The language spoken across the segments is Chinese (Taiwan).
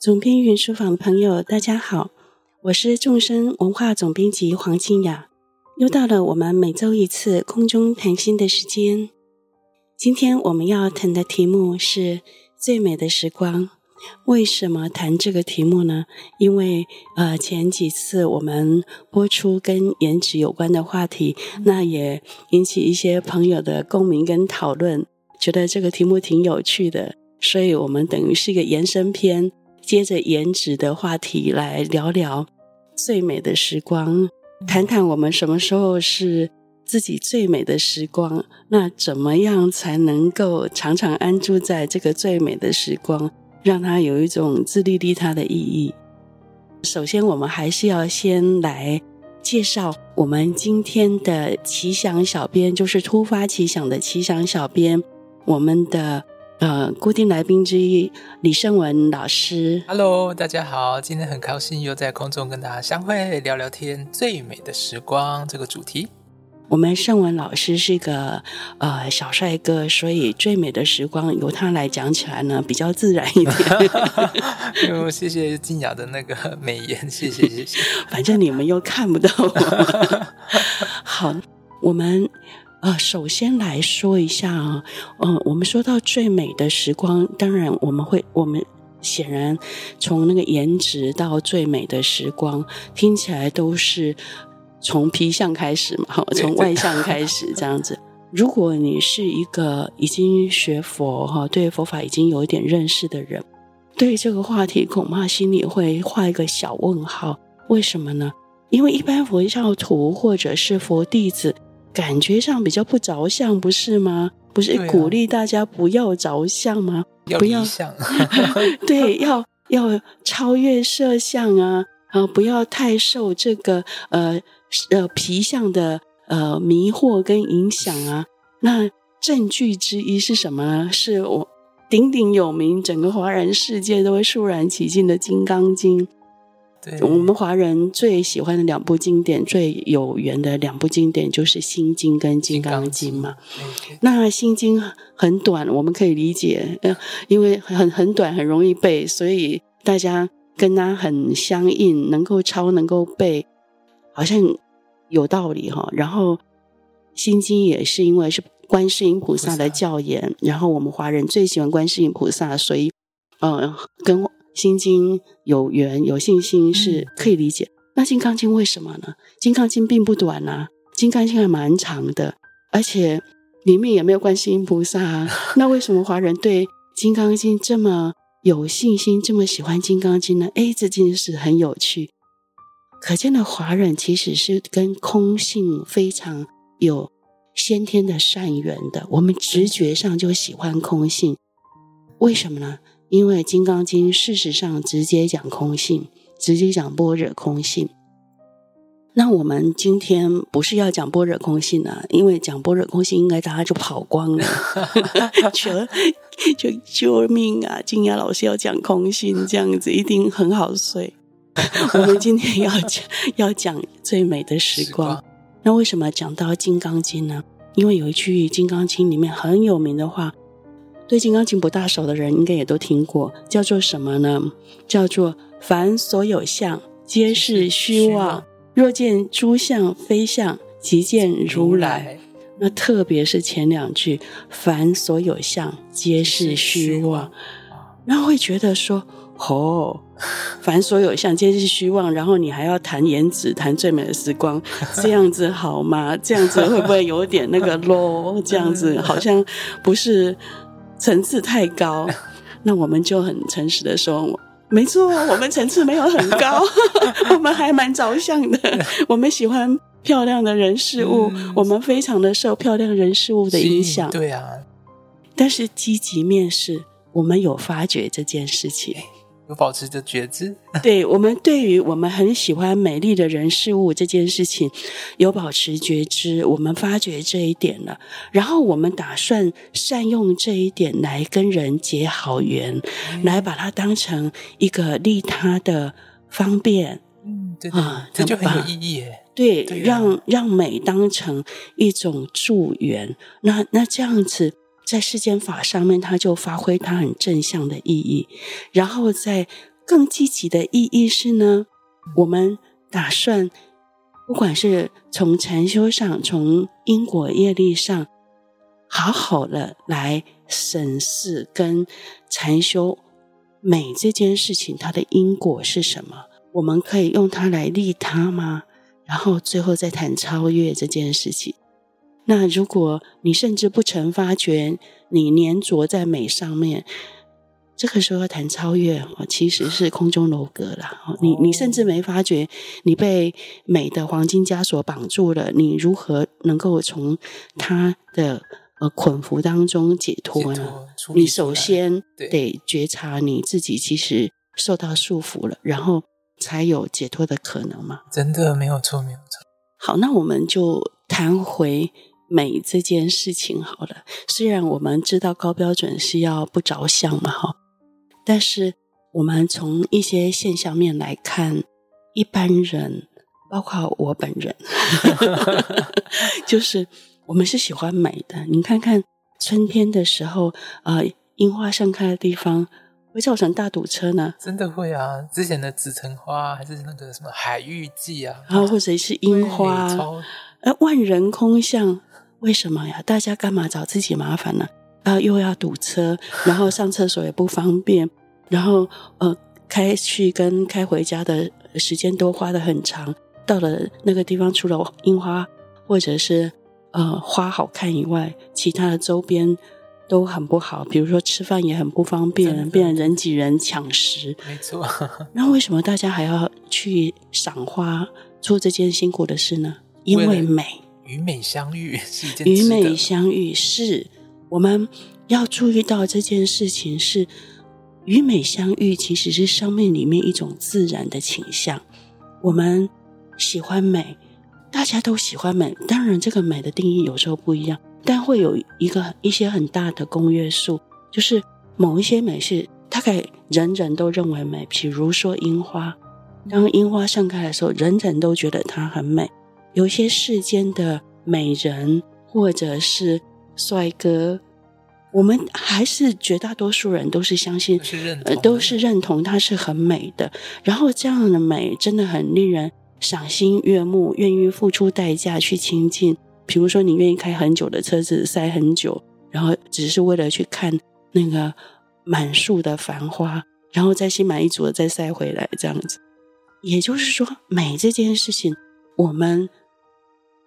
總編雲書房朋友，大家好，我是眾生文化總編輯黃清雅。又到了我們每周一次空中談心的時間。今天我們要談的題目是最美的時光。為什麼談這個題目呢？因為呃，前幾次我們播出跟顏值有關的話題，那也引起一些朋友的共鳴跟討論，覺得這個題目挺有趣的，所以我們等於是一個延伸篇。接着顏值的話題來聊聊最美的時光，談談我們什麼時候是自己最美的時光？那怎麼樣才能夠常常安住在這個最美的時光，讓它有一種自利利他的意義。首先，我們還是要先來介紹我們今天的奇想小編，就是突發奇想的奇想小編，我們的。呃，固定來賓之一李聖文老師，Hello，大家好，今天很高興又在空中跟大家相會聊聊天。最美的時光這個主題，我們聖文老師是一個呃，小帥哥，所以最美的時光由他來講起來呢比較自然一點。謝謝靜雅的那個美顏，謝謝謝謝。 反正你們又看不到我。 好，我們。啊，首先來說一下啊，嗯，我們說到最美的時光，當然我們會，我們顯然從那個顏值到最美的時光，聽起來都是從皮相開始嘛，從外相開始這樣子。 如果你是一個已經學佛哈，對佛法已經有一點認識的人，對這個話題恐怕心裡會畫一個小問號，為什麼呢？因為一般佛教徒或者是佛弟子。感覺上比較不着相，不是嗎？不是鼓勵大家不要着相嗎？啊、不要，要理 對要要超越色相啊啊！不要太受這個呃呃皮相的呃迷惑跟影響啊。那證據之一是什麼呢？是我鼎鼎有名、整個華人世界都會肅然起敬的《金剛經》。我們華人最喜歡的兩部經典，最有緣的兩部經典就是《心經》跟《金剛經》嘛。那《心經》很短，我們可以理解，因為很很短，很容易背，所以大家跟它很相應，能夠抄，能夠背，好像有道理哈、哦。然後《心經》也是因為是觀世音菩薩的教言，菩薩。然後我們華人最喜歡觀世音菩薩，所以嗯、呃，跟。心經有緣有信心是可以理解的，那金剛經為什麼呢？金剛經並不短吶、啊，金剛經還蠻長的，而且裡面也沒有觀世音菩薩啊。那為什麼華人對金剛經這麼有信心，這麼喜歡金剛經呢？哎，這件事很有趣，可見的華人其實是跟空性非常有先天的善緣的，我們直覺上就喜歡空性，為什麼呢？因為《金剛經》事實上直接講空性，直接講般若空性。那我們今天不是要講般若空性啊，因為講般若空性，應該大家就跑光了，就就 救命啊！金牙老師要講空性，這樣子一定很好睡。 我們今天要講要講最美的時光。時光。那為什麼講到《金剛經》呢？因為有一句《金剛經》裡面很有名的話。對，《金剛經》不大熟的人應該也都聽過，叫做什麼呢？叫做“凡所有相，皆是虛妄。虛妄若見諸相非相，即見如來。妄”那特別是前兩句，“凡所有相，皆是虛妄。虛妄”然後會覺得說：“哦，凡所有相皆是虛妄。”然後你還要談顏值，談最美的時光，這樣子好嗎？ 這樣子會不會有點那個 low？ 這樣子好像不是。層次太高，那我們就很誠實的說，沒錯，我們層次沒有很高， 我們還蠻着相的，我們喜歡漂亮的人事物，嗯、我們非常的受漂亮人事物的影響，對啊，但是積極面試，我們有發覺這件事情。有保持着覺知， 對，我們對於我們很喜歡美麗的人事物這件事情，有保持覺知，我們發覺這一點了，然後我們打算善用這一點來跟人結好緣，嘿來把它當成一個利他的方便，嗯，對對啊，這就很有意義，對，讓讓美當成一種助緣，那那這樣子。在世間法上面，它就發揮它很正向的意義。然後在更積極的意義是呢，我們打算不管是從禪修上，從因果業力上，好好的來審視跟禪修美這件事情，它的因果是什麼？我們可以用它來利他嗎？然後最後再談超越這件事情。那如果你甚至不曾發覺你黏著在美上面，這個時候要談超越，其實是空中樓閣了。哦、你你甚至沒發覺你被美的黃金枷鎖綁住了，你如何能夠從它的呃捆縛當中解脫呢？脫你首先得覺察你自己其實受到束縛了，對然後才有解脫的可能嘛。真的沒有錯，沒有錯。好，那我們就談回美這件事情，好了，雖然我們知道高標準是要不着相嘛哈，但是我們從一些現象面來看，一般人，包括我本人， 就是我們是喜歡美的。你看看春天的時候啊，呃、櫻花盛開的地方會造成大堵車呢，真的會啊。之前的紫藤花還是那個什麼海芋季啊，然後、啊、或者是櫻花。而萬人空巷，為什麼呀？大家幹嘛找自己麻煩呢、啊？啊，又要堵車，然後上廁所也不方便，然後呃，開去跟開回家的時間都花得很長。到了那個地方，除了櫻花或者是呃花好看以外，其他的周邊都很不好。比如說吃飯也很不方便，的變成人擠人搶食。沒錯。那為什麼大家還要去賞花做這件辛苦的事呢？因為美為與美相遇是真的。與美相遇，是，我們要注意到這件事情是，與美相遇，其實是生命裡面一種自然的傾向。我們喜歡美，大家都喜歡美，當然這個美的定義有時候不一樣，但會有一個一些很大的公約數，就是某一些美是大概人人都認為美。比如說櫻花，當櫻花盛開的時候，人人都覺得它很美。有些世間的美人或者是帥哥，我們還是絕大多數人都是相信、呃、都是認同它是很美的。然後這樣的美真的很令人賞心悅目，願意付出代價去親近。比如說，你願意開很久的車子塞很久，然後只是為了去看那個滿樹的繁花，然後再心滿意足的再塞回來，這樣子。也就是說，美這件事情，我們。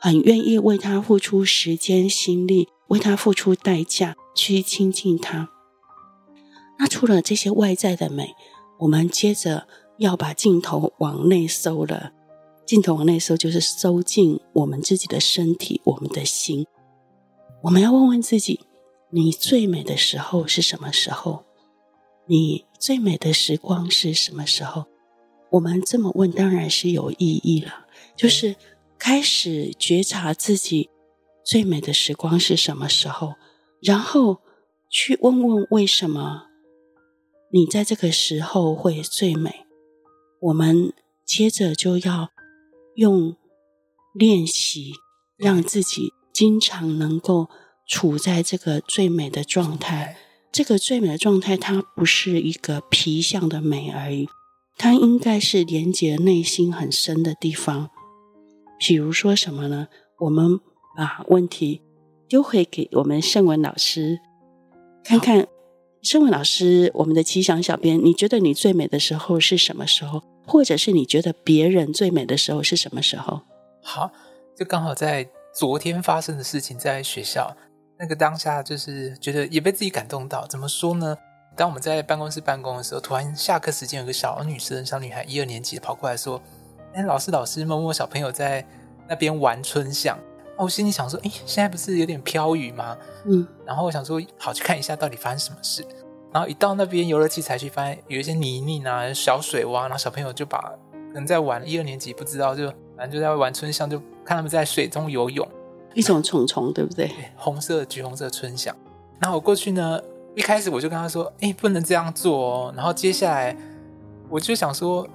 很願意為他付出時間、心力，為他付出代價去親近他。那除了這些外在的美，我們接着要把鏡頭往內收了。鏡頭往內收，就是收進我們自己的身體、我們的心。我們要問問自己：你最美的時候是什麼時候？你最美的時光是什麼時候？我們這麼問當然是有意義了，就是。嗯開始覺察自己最美的時光是什麼時候，然後去問問為什麼你在這個時候會最美。我們接着就要用練習，讓自己經常能夠處在這個最美的狀態。嗯、這個最美的狀態，它不是一個皮相的美而已，它應該是連接內心很深的地方。比如說什麼呢？我們把問題丟回給我們盛文老師，看看好盛文老師，我們的吉祥小編，你覺得你最美的時候是什麼時候？或者是你覺得別人最美的時候是什麼時候？好，就剛好在昨天發生的事情，在學校那個當下，就是覺得也被自己感動到。怎麼說呢？當我們在辦公室辦公的時候，突然下課時間，有個小女生、小女孩，一二年級跑過來說。哎、欸，老師，老師，摸摸小朋友在那邊玩春象。我心裡想說，哎、欸，現在不是有點飄雨嗎？嗯。然後我想說，好，去看一下到底發生什麼事。然後一到那邊遊樂器材去發現，有一些泥濘啊，小水洼，然後小朋友就把，可能在玩一二年級不知道就，反正就在玩春象，就看他們在水中游泳，一種蟲蟲，對不對？對紅色、橘紅色春象。然後我過去呢，一開始我就跟他說，哎、欸，不能這樣做哦。然後接下來，我就想說，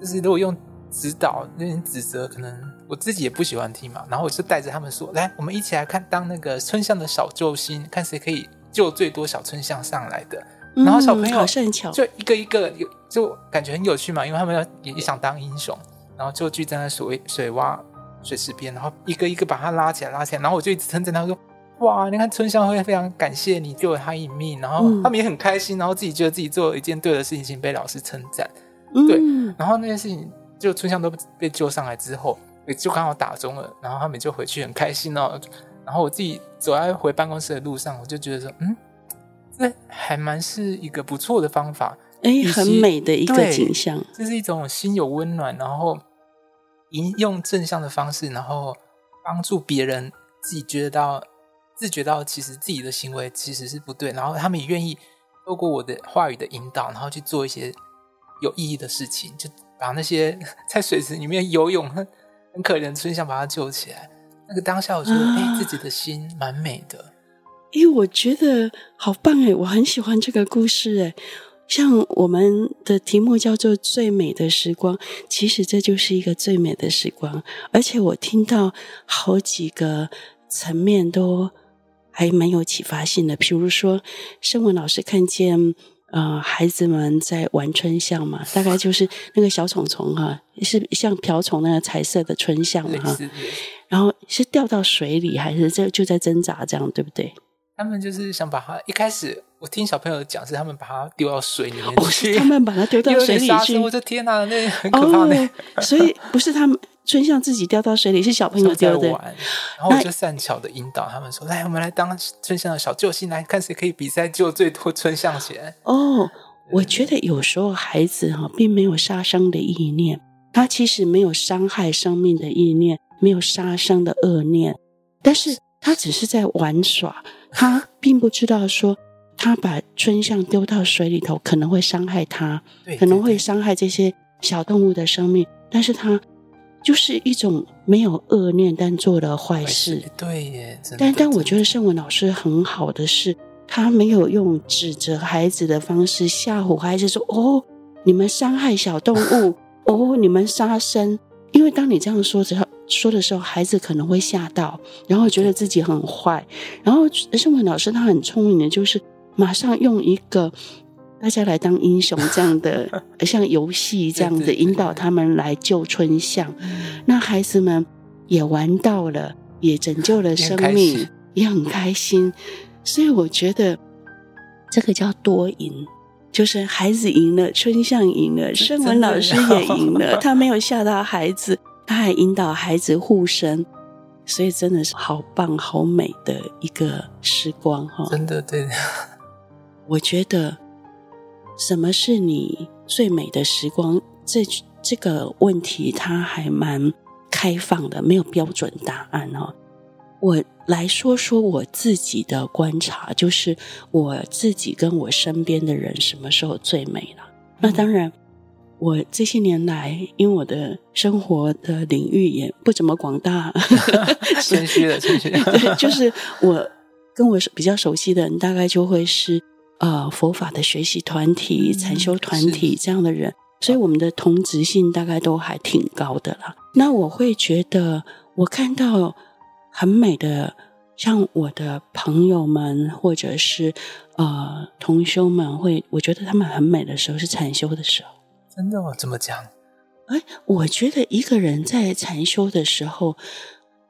就是如果用。指導那些指責，可能我自己也不喜歡聽嘛。然後我就帶着他們說：“來，我們一起來看，當那個村巷的小救星，看誰可以救最多小村巷上來的。嗯”然後小朋友就一個一個有，就感覺很有趣嘛。因為他們要也也想當英雄。然後就聚在那水水洼水池邊，然後一個一個把他拉起來拉起來。然後我就一直稱讚他說：“哇，你看村巷會非常感謝你救了他一命。”然後他們也很開心，然後自己覺得自己做了一件對的事情，被老師稱讚。嗯、對，然後那些事情。就春香都被救上來之後，就剛好打鐘了，然後他們就回去很開心哦。然後我自己走在回辦公室的路上，我就覺得說，嗯，這還蠻是一個不錯的方法，哎誒，及很美的一個景象。這、就是一種心有溫暖，然後用正向的方式，然後幫助別人，自己覺得到自覺到其實自己的行為其實是不對，然後他們也願意透過我的話語的引導，然後去做一些有意義的事情，就。把那些在水池裡面游泳很很可憐，所以想把他救起來。那個當下，我覺得、啊哎、自己的心蠻美的。哎，我覺得好棒哎，我很喜歡這個故事哎。像我們的題目叫做“最美的時光”，其實這就是一個最美的時光。而且我聽到好幾個層面都還蠻有啟發性的，譬如說，聖文老師看見。啊、呃，孩子們在玩椿象嘛，大概就是那個小蟲蟲哈， 是像瓢蟲那樣彩色的椿象哈、啊，然後是掉到水裡還是在就在掙扎這樣，對不對？他們就是想把它一開始，我聽小朋友講是他們把它丟到水裡面去、哦，他們把它丟到水裡去，我的 天哪、啊，那個、很可怕、哦、所以不是他們。 春象自己掉到水裡，是小朋友丟的，然後我就善巧的引導他們說：“那來，我們來當春象的小救星，來看誰可以比賽救最多春象。”哦，對對對，我覺得有時候孩子哈，並沒有殺生的意念，他其實沒有傷害生命的意念，沒有殺生的惡念，但是他只是在玩耍，他並不知道說他把春象丟到水裡頭可能會傷害他，對對對，可能會傷害這些小動物的生命，但是他。就是一種沒有惡念但做的壞事，壞事對耶。但但我覺得聖文老師很好的是，他沒有用指責孩子的方式嚇唬孩子說，說哦，你們傷害小動物， 哦，你們殺生。因為當你這樣說之後說的時候，孩子可能會嚇到，然後覺得自己很壞。然後聖文老師他很聰明的，就是馬上用一個。大家來當英雄，這樣的像遊戲這樣子引導他們來救春象， 對那孩子們也玩到了，也拯救了生命，也很開心。所以我覺得這個叫多贏，就是孩子贏了，春象贏了，聖文老師也贏了。他沒有嚇到孩子，他還引導孩子護身，所以真的是好棒好美的一個時光哈！真的對。我覺得。什麼是你最美的時光？這這個問題它還蠻開放的，沒有標準答案哦。我來說說我自己的觀察，就是我自己跟我身邊的人什麼時候最美了？嗯、那當然，我這些年來，因為我的生活的領域也不怎麼廣大，謙虛 了，謙虛， 就是我跟我比較熟悉的人，大概就會是。呃，佛法的學習團體、嗯、禪修團體這樣的人，是所以我們的同質性大概都還挺高的啦。哦、那我會覺得，我看到很美的，像我的朋友們或者是呃同修們會，會我覺得他們很美的時候是禪修的時候。真的嗎、哦？怎麼講？哎，我覺得一個人在禪修的時候，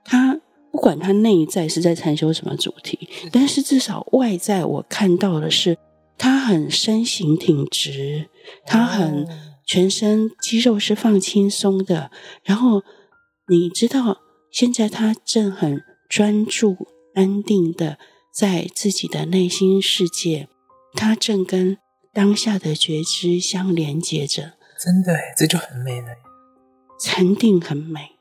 他。不管他內在是在禪修什麼主題，但是至少外在我看到的是，他很身形挺直，他很全身肌肉是放輕鬆的。然後你知道，現在他正很專注、安定的在自己的內心世界，他正跟當下的覺知相連接着。真的，這就很美了。禪定很美，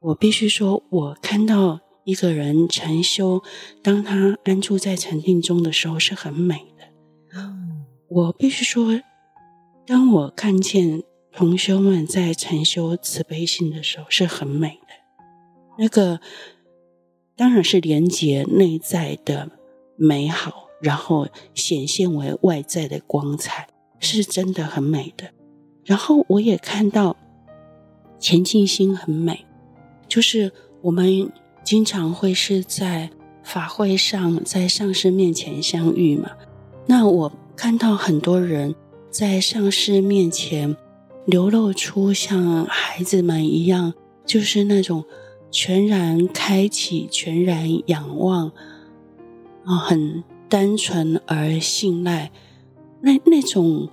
我必須說，我看到。一個人禪修，當他安住在禪定中的時候，是很美的。我必須說，當我看見同修們在禪修慈悲心的時候，是很美的。那個當然是連接內在的美好，然後顯現為外在的光彩，是真的很美的。然後我也看到虔敬心很美，就是我們。經常會是在法會上，在上師面前相遇嘛。那我看到很多人在上師面前流露出像孩子們一樣，就是那種全然開啟、全然仰望啊、呃，很單純而信賴，那那種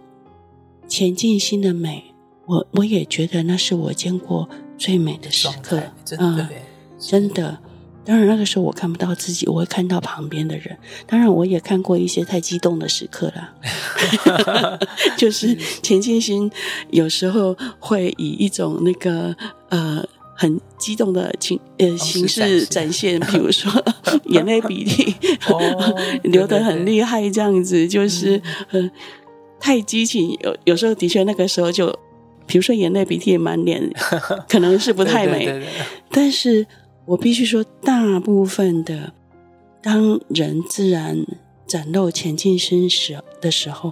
虔敬心的美，我我也覺得那是我見過最美的時刻啊。真的，當然那個時候我看不到自己，我會看到旁邊的人。當然，我也看過一些太激動的時刻了， 就是虔敬心有時候會以一種那個呃很激動的情呃形式展現，哦、展現比如說 眼淚鼻涕流得很厲害，這樣子、哦、對對對就是呃太激情。有有時候的確那個時候就，比如說眼淚鼻涕滿臉，可能是不太美， 對對對對但是。我必須說，大部分的，當人自然展露虔敬心時的時候，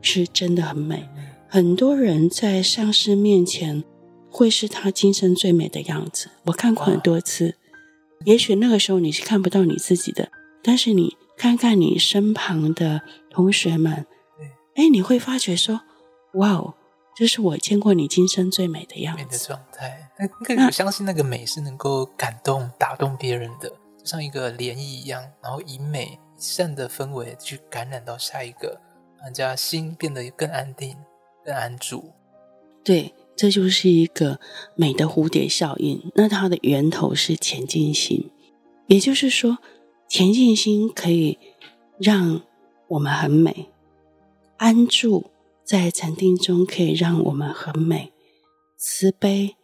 是真的很美。很多人在上師面前，會是他今生最美的樣子。我看過很多次，哇也許那個時候你是看不到你自己的，但是你看看你身旁的同學們，哎對、欸，你會發覺說，哇哦，這是我見過你今生最美的樣子。我相信那個美是能夠感動、打動別人的，就像一個漣漪一樣，然後以美善的氛圍去感染到下一個，讓大家心變得更安定、更安住。對，這就是一個美的蝴蝶效應。那它的源頭是虔敬心，也就是說，虔敬心可以讓我們很美，安住在禪定中可以讓我們很美，慈悲，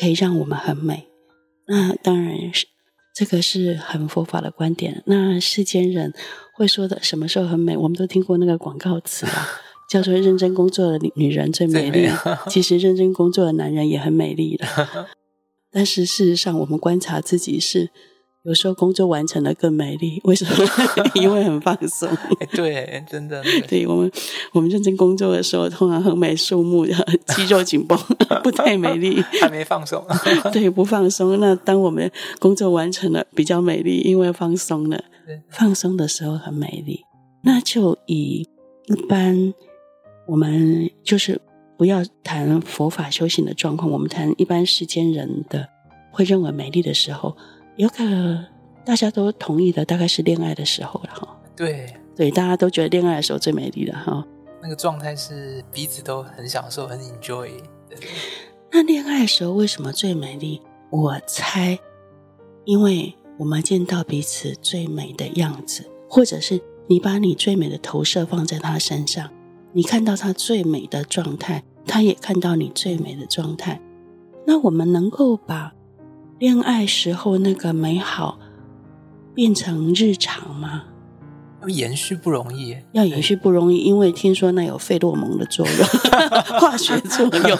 可以讓我們很美，那當然是這個是很佛法的觀點。那世間人會說的什麼時候很美？我們都聽過那個廣告詞啊，叫做“認真工作的女人最美麗”美麗。其實認真工作的男人也很美麗的，但是事實上我們觀察自己是。有時候工作完成了更美麗，為什麼？ 因為很放鬆。 欸、對，真的。對,對我們，我們認真工作的時候，通常很美，肅穆，的，肌肉緊繃，不太美麗。 還沒放鬆。 對，不放鬆。那當我們工作完成了，比較美麗，因為放鬆了。對對對放鬆的時候很美麗。那就以一般我們就是不要談佛法修行的狀況，我們談一般世間人的會認為美麗的時候。有可能大家都同意的，大概是戀愛的時候了哈對。對對，大家都覺得戀愛的時候最美麗了哈。那個狀態是彼此都很享受，很 enjoy。那戀愛的時候為什麼最美麗？我猜，因為我們見到彼此最美的樣子，或者是你把你最美的投射放在他身上，你看到他最美的狀態，他也看到你最美的狀態。那我們能夠把。戀愛時候那個美好變成日常嗎？要延續不容易，要延續不容易，對因為聽說那有費洛蒙的作用， 化學作用。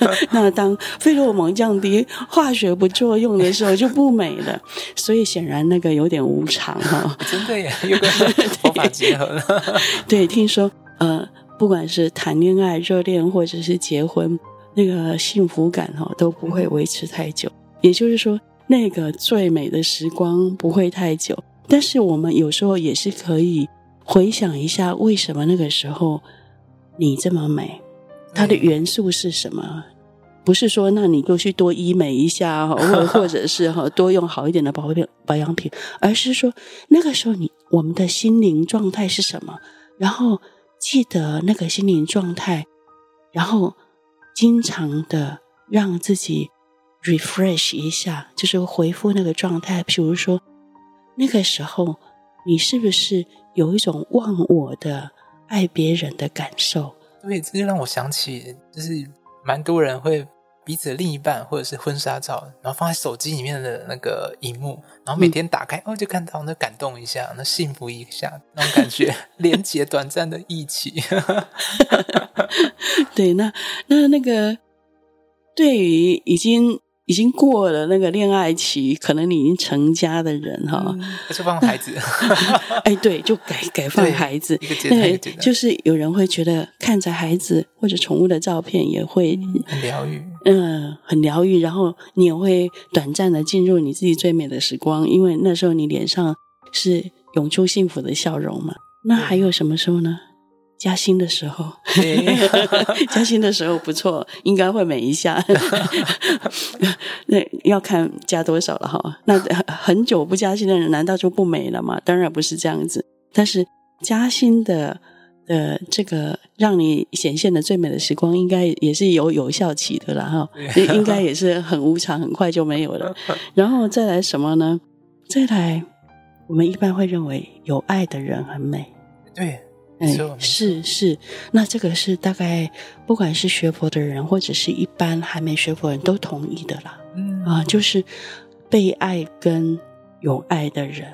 那當費洛蒙降低，化學不作用的時候就不美了。所以顯然那個有點無常哈、哦， 真的耶，有佛法結合了 對。對，聽說呃，不管是談戀愛、熱戀或者是結婚，那個幸福感哈、哦、都不會維持太久。嗯也就是說，那個最美的時光不會太久，但是我們有時候也是可以回想一下，為什麼那個時候你這麼美？它的元素是什麼？嗯、不是說那你就去多醫美一下，或或者是多用好一點的保養 保養品，而是說那個時候你我們的心靈狀態是什麼？然後記得那個心靈狀態，然後經常的讓自己。refresh 一下，就是回復那個狀態。譬如說，那個時候你是不是有一種忘我的愛別人的感受？對，這就讓我想起，就是蠻多人會彼此的另一半或者是婚紗照，然後放在手機裡面的那個熒幕，然後每天打開，嗯、哦，就看到那感動一下，那幸福一下，那種感覺， 連結短暫的一起。 對，那那那個對於已經。已經過了那個戀愛期，可能你已經成家的人哈，就、嗯、那放孩子。哎，對，就改改放孩子。對，那就是有人會覺得看着孩子或者寵物的照片也會很療癒，嗯，很療癒、呃。然後你也會短暫的進入你自己最美的時光，因為那時候你臉上是湧出幸福的笑容嘛。那還有什麼時候呢？嗯加薪的時候， 加薪的時候不錯，應該會美一下。 那要看加多少了哈。那很久不加薪的人，難道就不美了嗎？當然不是這樣子。但是加薪的呃，的這個讓你顯現的最美的時光，應該也是有有效期的了哈。對應該也是很無常，很快就沒有了。然後再來什麼呢？再來，我們一般會認為有愛的人很美，對。嗯，哎、是你是，是，那這個是大概不管是學佛的人或者是一般還沒學佛人都同意的啦。嗯啊，就是被愛跟有愛的人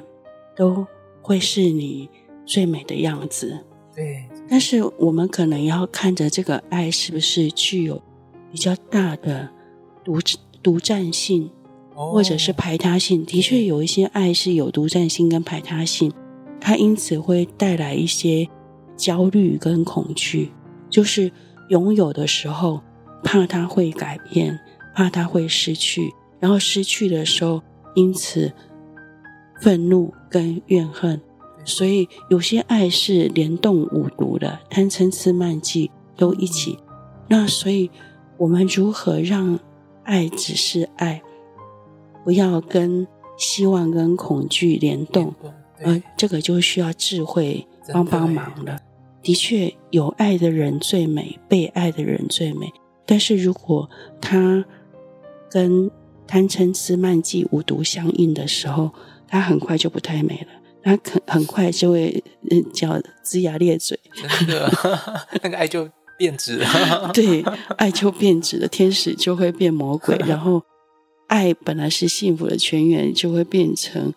都會是你最美的樣子。對。但是我們可能要看着這個愛是不是具有比較大的獨獨佔性，哦、或者是排他性。的確有一些愛是有獨佔性跟排他性，它因此會帶來一些。焦慮跟恐懼，就是擁有的時候怕它會改變，怕它會失去，然後失去的時候因此憤怒跟怨恨。所以有些愛是連動五毒的，貪嗔痴慢疑都一起。那所以我們如何讓愛只是愛，不要跟希望跟恐懼聯動？嗯，而這個就需要智慧幫幫忙了。的確，有愛的人最美，被愛的人最美。但是如果他跟貪嗔痴慢疑五毒相應的時候，他很快就不太美了。他很很快就會、嗯、叫齜牙咧嘴，那個愛就變質了。 對，愛就變質了，天使就會變魔鬼，然後愛本來是幸福的泉源，就會變成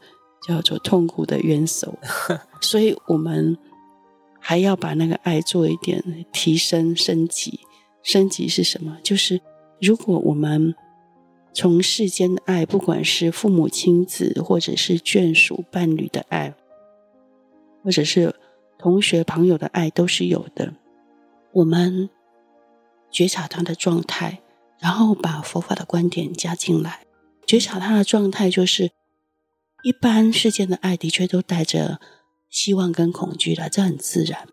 叫做痛苦的源頭。所以我們。還要把那個愛做一點提升、升級。升級是什麼？就是如果我們從世間的愛，不管是父母親子，或者是眷屬、伴侶的愛，或者是同學、朋友的愛，都是有的。我們覺察他的狀態，然後把佛法的觀點加進來。覺察他的狀態，就是一般世間的愛的確都帶着。希望跟恐懼的，這很自然。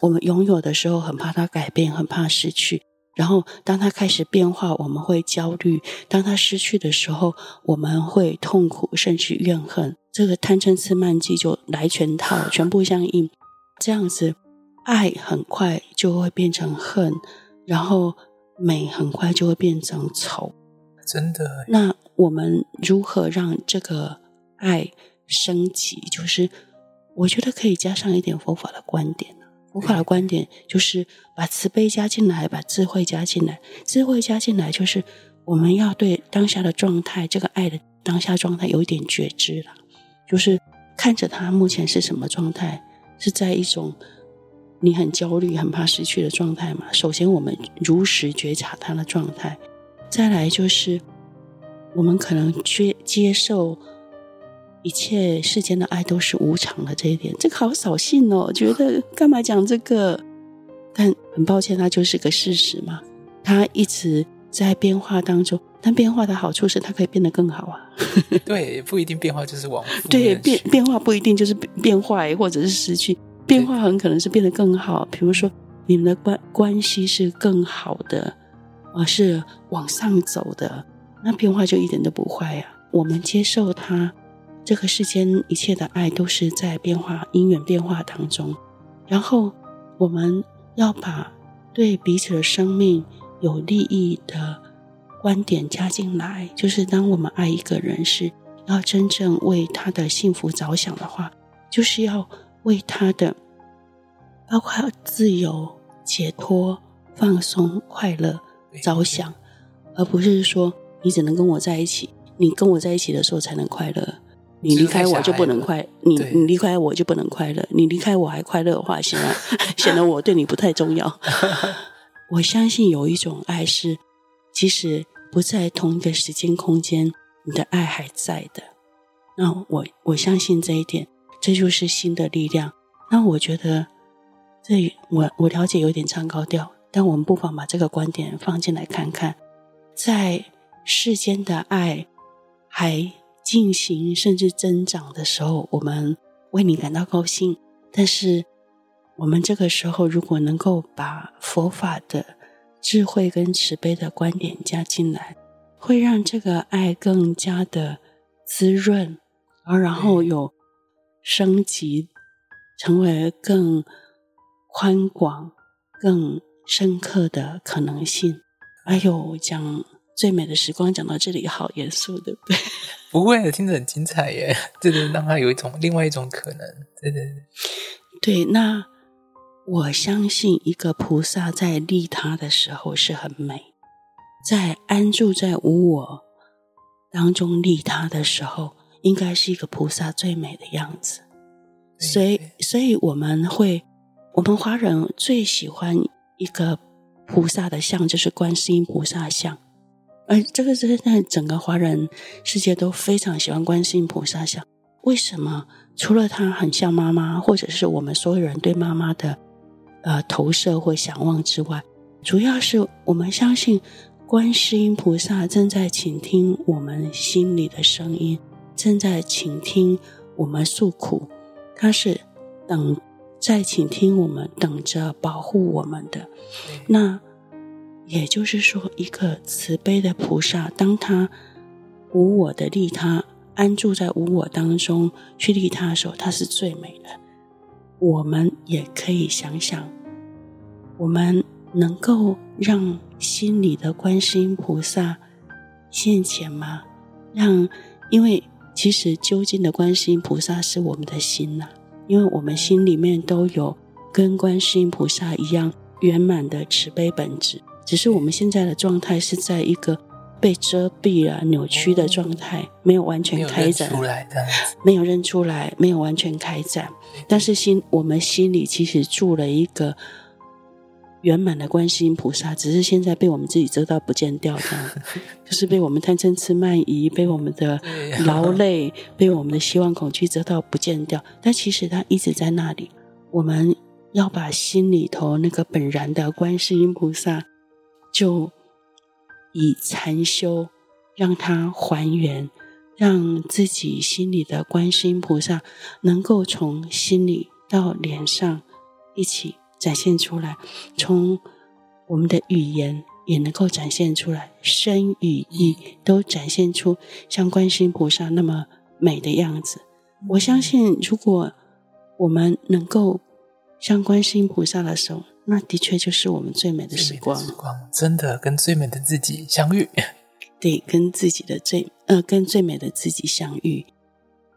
我們擁有的時候很怕它改變，很怕失去。然後，當它開始變化，我們會焦慮；當它失去的時候，我們會痛苦，甚至怨恨。這個貪嗔癡慢疑就來全套，全部相應。這樣子，愛很快就會變成恨，然後美很快就會變成醜。真的？那我們如何讓這個愛升級？就是。我覺得可以加上一點佛法的觀點。佛法的觀點就是把慈悲加進來，把智慧加進來。智慧加進來就是我們要對當下的狀態，這個愛的當下狀態有一點覺知了，就是看着他目前是什麼狀態，是在一種你很焦慮、很怕失去的狀態嘛。首先，我們如實覺察他的狀態；再來，就是我們可能去接受。一切世間的愛都是無常的，這一點，這個好掃興哦。覺得幹嘛講這個？但很抱歉，它就是個事實嘛。它一直在變化當中，但變化的好處是它可以變得更好啊。 對，也不一定變化就是往，對，變，變化不一定就是變，變壞或者是失去，變化很可能是變得更好。對比如說你們的關關係是更好的，而是往上走的，那變化就一點都不壞啊。我們接受它。這個世間一切的愛都是在變化，因緣變化當中。然後，我們要把對彼此的生命有利益的觀點加進來，就是當我們愛一個人時，要真正為他的幸福着想的話，就是要為他的包括自由、解脫、放鬆、快樂着想，而不是說你只能跟我在一起，你跟我在一起的時候才能快樂。你離開我就不能快。你你離開我就不能快樂。你離開我還快樂的話，顯然顯得我對你不太重要。我相信有一種愛是，即使不在同一個時間空間，你的愛還在的。那我我相信這一點，這就是心的力量。那我覺得這我我了解有點唱高調，但我們不妨把這個觀點放進來看看，在世間的愛還。進行甚至增長的時候，我們為你感到高興。但是，我們這個時候如果能夠把佛法的智慧跟慈悲的觀點加進來，會讓這個愛更加的滋潤，而然後有升級，成為更寬廣、更深刻的可能性。還有講。最美的時光講到這裡，好嚴肅對不對？不會，聽着很精彩耶！這個讓他有一種另外一種可能，對對，對。對，那我相信一個菩薩在利他的時候是很美，在安住在無我當中利他的時候，應該是一個菩薩最美的樣子。對對，所以，所以我們會，我們華人最喜歡一個菩薩的像，就是觀世音菩薩像。而這個是在整個華人世界都非常喜歡觀世音菩薩像。為什麼？除了他很像媽媽，或者是我們所有人對媽媽的呃投射或向往之外，主要是我們相信觀世音菩薩正在傾聽我們心裡的聲音，正在傾聽我們訴苦，他是等在傾聽我們，等着保護我們的。那。也就是說，一個慈悲的菩薩，當他無我的利他，安住在無我當中去利他的時候，他是最美的。我們也可以想想，我們能夠讓心裡的觀世音菩薩現前嗎？讓，因為其實究竟的觀世音菩薩是我們的心吶、啊，因為我們心裡面都有跟觀世音菩薩一樣圓滿的慈悲本質。只是我們現在的狀態是在一個被遮蔽了、啊、扭曲的狀態，哦、沒有完全開展，沒有認出來的沒有認出來，沒有完全開展。 但是心，我們心裡其實住了一個圓滿的觀世音菩薩，只是現在被我們自己遮到不見掉這樣， 就是被我們貪嗔痴慢疑、被我們的勞累、啊、被我們的希望恐懼遮到不見掉。但其實他一直在那裡。我們要把心裡頭那個本然的觀世音菩薩。就以禪修讓它還原，讓自己心裡的觀世音菩薩能夠從心裡到臉上一起展現出來，從我們的語言也能夠展現出來，身語意都展現出像觀世音菩薩那麼美的樣子。我相信，如果我們能夠像觀世音菩薩的時候，那的確就是我們最美的時光。最美的時光真的跟最美的自己相遇，對，跟自己的最呃，跟最美的自己相遇。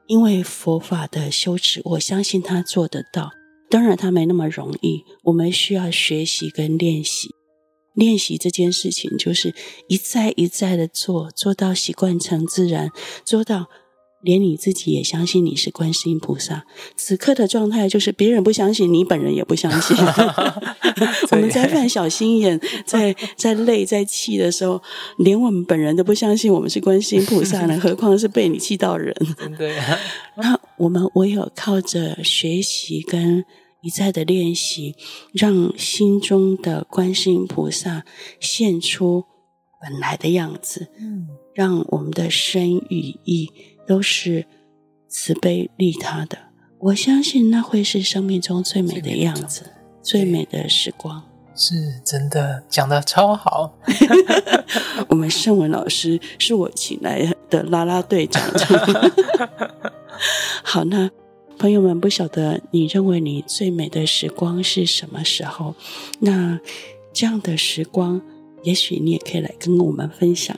因為佛法的修持，我相信他做得到。當然，他沒那麼容易，我們需要學習跟練習。練習這件事情，就是一再一再的做，做到習慣成自然，做到。.連你自己也相信你是觀世音菩薩，此刻的狀態就是別人不相信，你本人也不相信。 我們在犯小心眼，在在累在氣的時候，連我們本人都不相信我們是觀世音菩薩呢？何況是被你氣到人？對、 啊。那我們唯有靠着學習跟一再的練習，讓心中的觀世音菩薩現出本來的樣子，讓我們的身語意都是慈悲利他的，我相信那會是生命中最美的樣子，最美，最美的時光。是，真的講得超好。 我們勝文老師是我請來的啦啦隊長。 好，那朋友們，不曉得你認為你最美的時光是什麼時候？那這樣的時光，也許你也可以來跟我們分享。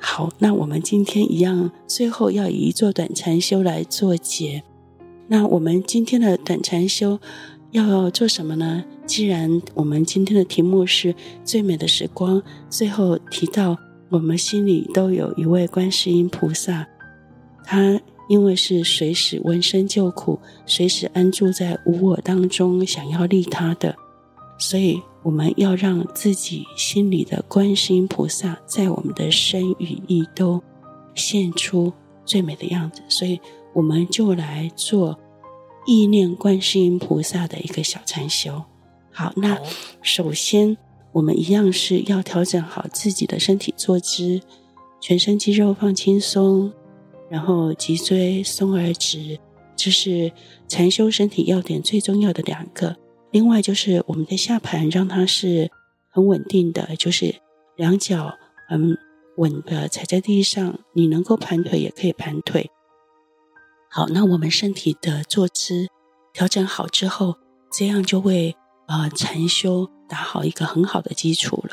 好，那我們今天一樣，最後要以一座短禪修來做結。那我們今天的短禪修要做什麼呢？既然我們今天的題目是最美的時光，最後提到我們心裡都有一位觀世音菩薩，他因為是隨時聞聲救苦，隨時安住在無我當中，想要利他的，所以。我們要讓自己心裡的觀世音菩薩在我們的身與意都現出最美的樣子，所以我們就來做意念觀世音菩薩的一個小禪修。好，那首先我們一樣是要調整好自己的身體坐姿，全身肌肉放輕鬆，然後脊椎鬆而直，這、就是禪修身體要點最重要的兩個。另外就是我們的下盤，讓它是很穩定的，就是兩腳很穩的踩在地上。你能夠盤腿也可以盤腿。好，那我們身體的坐姿調整好之後，這樣就會呃禪修打好一個很好的基礎了。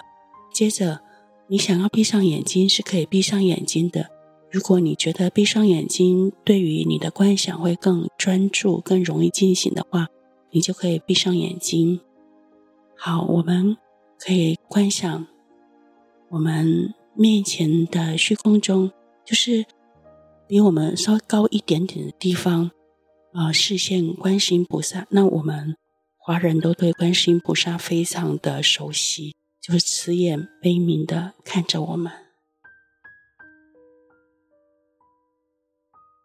接着，你想要閉上眼睛是可以閉上眼睛的。如果你覺得閉上眼睛對於你的觀想會更專注、更容易進行的話。你就可以閉上眼睛，好，我們可以觀想我們面前的虛空中，就是比我們稍高一點點的地方，啊、呃，視線觀世音菩薩。那我們華人都對觀世音菩薩非常的熟悉，就是慈眼悲憫的看着我們。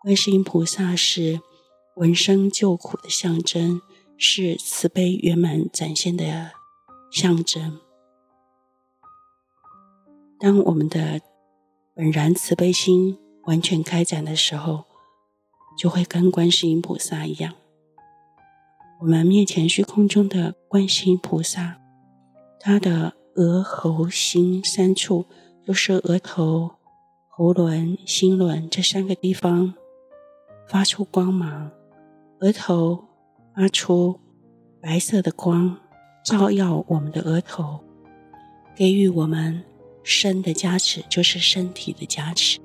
觀世音菩薩是聞聲救苦的象徵，是慈悲圓滿展現的象徵。當我們的本然慈悲心完全開展的時候，就會跟觀世音菩薩一樣。我們面前虛空中的觀世音菩薩，他的額、喉、心三處，就是額頭、喉輪、心輪這三個地方，發出光芒。額頭。發出白色的光，照耀我們的額頭，給予我們身的加持，就是身體的加持。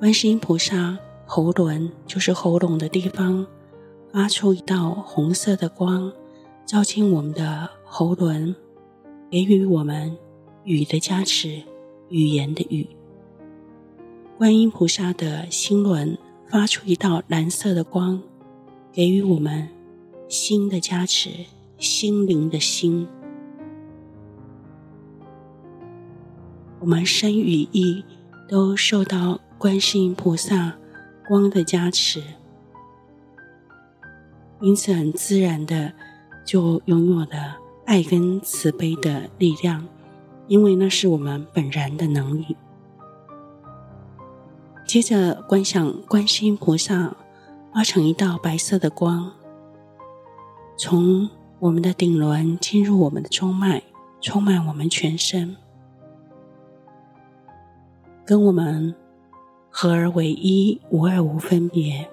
觀世音菩薩喉輪就是喉嚨的地方，發出一道紅色的光，照進我們的喉輪，給予我們語的加持，語言的語。觀音菩薩的心輪發出一道藍色的光。給予我們心的加持，心靈的心，我們身與意都受到觀世音菩薩光的加持，因此很自然的就擁有了愛跟慈悲的力量，因為那是我們本然的能力。接着觀想觀世音菩薩。化成一道白色的光，從我們的頂輪進入我們的中脈，充滿我們全身，跟我們合而為一，無二無分別。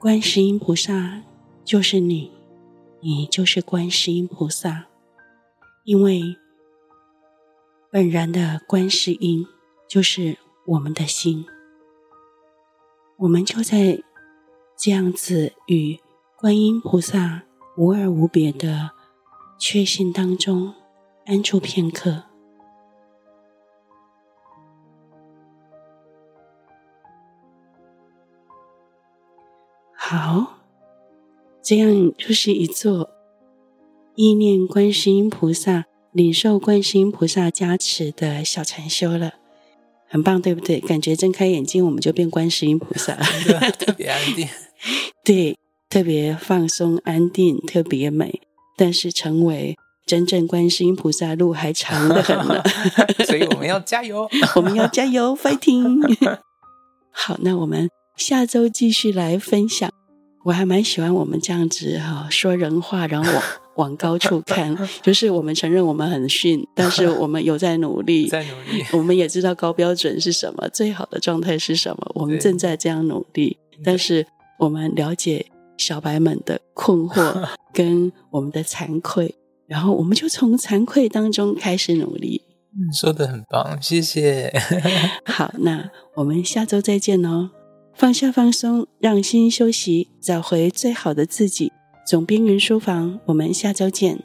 觀世音菩薩就是你，你就是觀世音菩薩，因為本然的觀世音就是我們的心。我們就在這樣子與觀音菩薩無二無別的確信當中安住片刻。好，這樣就是一座意念觀世音菩薩、領受觀世音菩薩加持的小禪修了。很棒，對不對？感覺睜開眼睛，我們就變觀世音菩薩了，對，特別安定， 對，特別放鬆、安定，特別美。但是成為真正觀世音菩薩路還長得很呢， 所以我們要加油， 我們要加油 ，fighting！好，那我們下周繼續來分享。我還蠻喜歡我們這樣子哈、哦，說人話，然後往，往高處看， 就是我們承認我們很遜，但是我們有在努力， 在努力，我們也知道高標準是什麼，最好的狀態是什麼，我們正在這樣努力，對但是我們了解小白們的困惑跟我們的慚愧， 然後我們就從慚愧當中開始努力。嗯、說得很棒，謝謝。 好，那我們下周再見哦。放下、放鬆，讓心休息，找回最好的自己。總編雲書房，我們下周見。